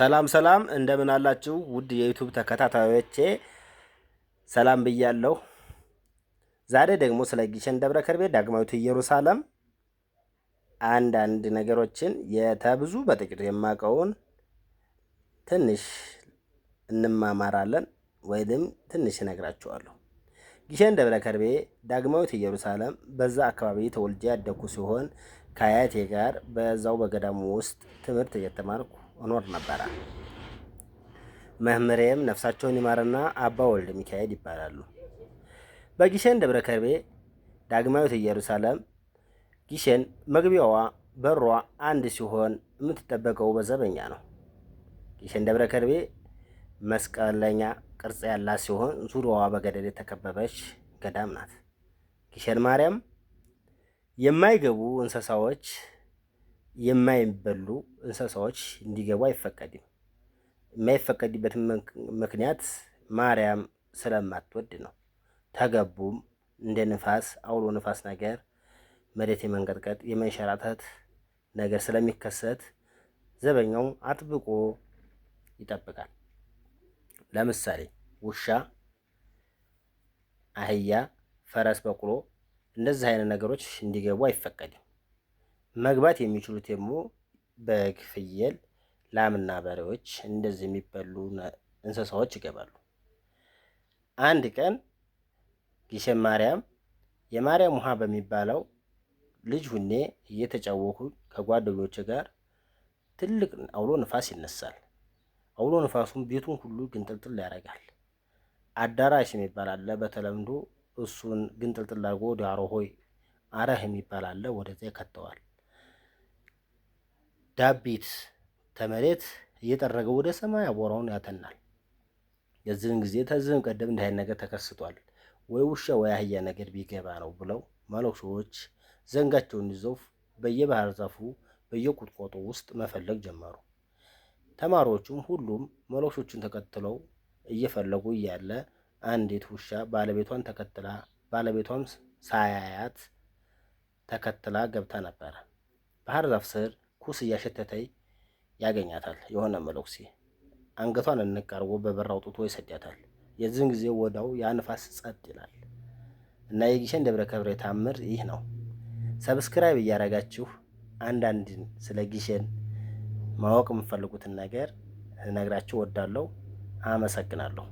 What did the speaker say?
ሰላም ሰላም እንደምን አላችሁ ውድ የዩቱብ ተከታታዮቼ፣ ሰላም ብያለሁ። ዛሬ ደግሞ ስለ ግሸን ደብረ ከርቤ ዳግማዊት ኢየሩሳሌም አንዳንድ ነገሮችን የተብዙ በጥቂቱ የማውቀውን ትንሽ እንማማራለን ወይም ትንሽ እነግራችኋለሁ። ግሸን ደብረ ከርቤ ዳግማዊት ኢየሩሳሌም በዛ አካባቢ ተወልጄ ያደኩ ሲሆን ከአያቴ ጋር በዛው በገዳሙ ውስጥ ትምህርት እየተማርኩ እኖር ነበረ። መምህሬም ነፍሳቸውን ይማርና አባ ወልደ ሚካኤል ይባላሉ። በጊሸን ደብረ ከርቤ ዳግማዊት ኢየሩሳሌም ጊሸን መግቢያዋ በሯ አንድ ሲሆን የምትጠበቀው በዘበኛ ነው። ጊሸን ደብረ ከርቤ መስቀለኛ ቅርጽ ያላት ሲሆን ዙሪያዋ በገደል የተከበበች ገዳም ናት። ጊሸን ማርያም የማይገቡ እንስሳዎች የማይበሉ እንስሳዎች እንዲገቡ አይፈቀድም። የማይፈቀድበት ምክንያት ማርያም ስለማትወድ ነው። ተገቡም እንደ ንፋስ አውሎ ንፋስ ነገር መሬት የመንቀጥቀጥ የመንሸራተት ነገር ስለሚከሰት ዘበኛው አጥብቆ ይጠብቃል። ለምሳሌ ውሻ፣ አህያ፣ ፈረስ፣ በቅሎ እንደዚህ አይነት ነገሮች እንዲገቡ አይፈቀድም። መግባት የሚችሉት ደግሞ በግ፣ ፍየል፣ ላምና በሬዎች እንደዚህ የሚበሉ እንስሳዎች ይገባሉ። አንድ ቀን ግሸን ማርያም የማርያም ውሃ በሚባለው ልጅ ሁኔ እየተጫወኩ ከጓደኞች ጋር ትልቅ አውሎ ንፋስ ይነሳል። አውሎ ንፋሱም ቤቱን ሁሉ ግንጥልጥል ያደርጋል። አዳራሽ የሚባል አለ። በተለምዶ እሱን ግንጥልጥል አድርጎ ዳሮ ሆይ አረህ የሚባል አለ። ወደዚያ ከተዋል። ዳቢት ተመሬት እየጠረገው ወደ ሰማይ አቧራውን ያተናል። የዚህን ጊዜ ተዝህም ቀደም እንዲህ ዓይነት ነገር ተከስቷል ወይ ውሻ ወይ አህያ ነገር ቢገባ ነው ብለው መነኩሴዎች ዘንጋቸውን ይዘው በየባህር ዛፉ በየቁጥቋጦ ውስጥ መፈለግ ጀመሩ። ተማሪዎቹም ሁሉም መነኩሴዎቹን ተከትለው እየፈለጉ እያለ አንዲት ውሻ ባለቤቷን ተከትላ ባለቤቷም ሳያያት ተከትላ ገብታ ነበረ። ባህር ዛፍ ስር ኩስ እያሸተተይ ያገኛታል። የሆነ መለኩሴ አንገቷን እንቀርቦ በበር አውጥቶ ይሰዳታል። የዚህን ጊዜ ወዳው የአንፋስ ጸጥ ይላል እና የግሸን ደብረ ከብረ ታምር ይህ ነው። ሰብስክራይብ እያረጋችሁ አንዳንድን ስለ ግሸን ማወቅ የምፈልጉትን ነገር እነግራችሁ ወዳለው አመሰግናለሁ።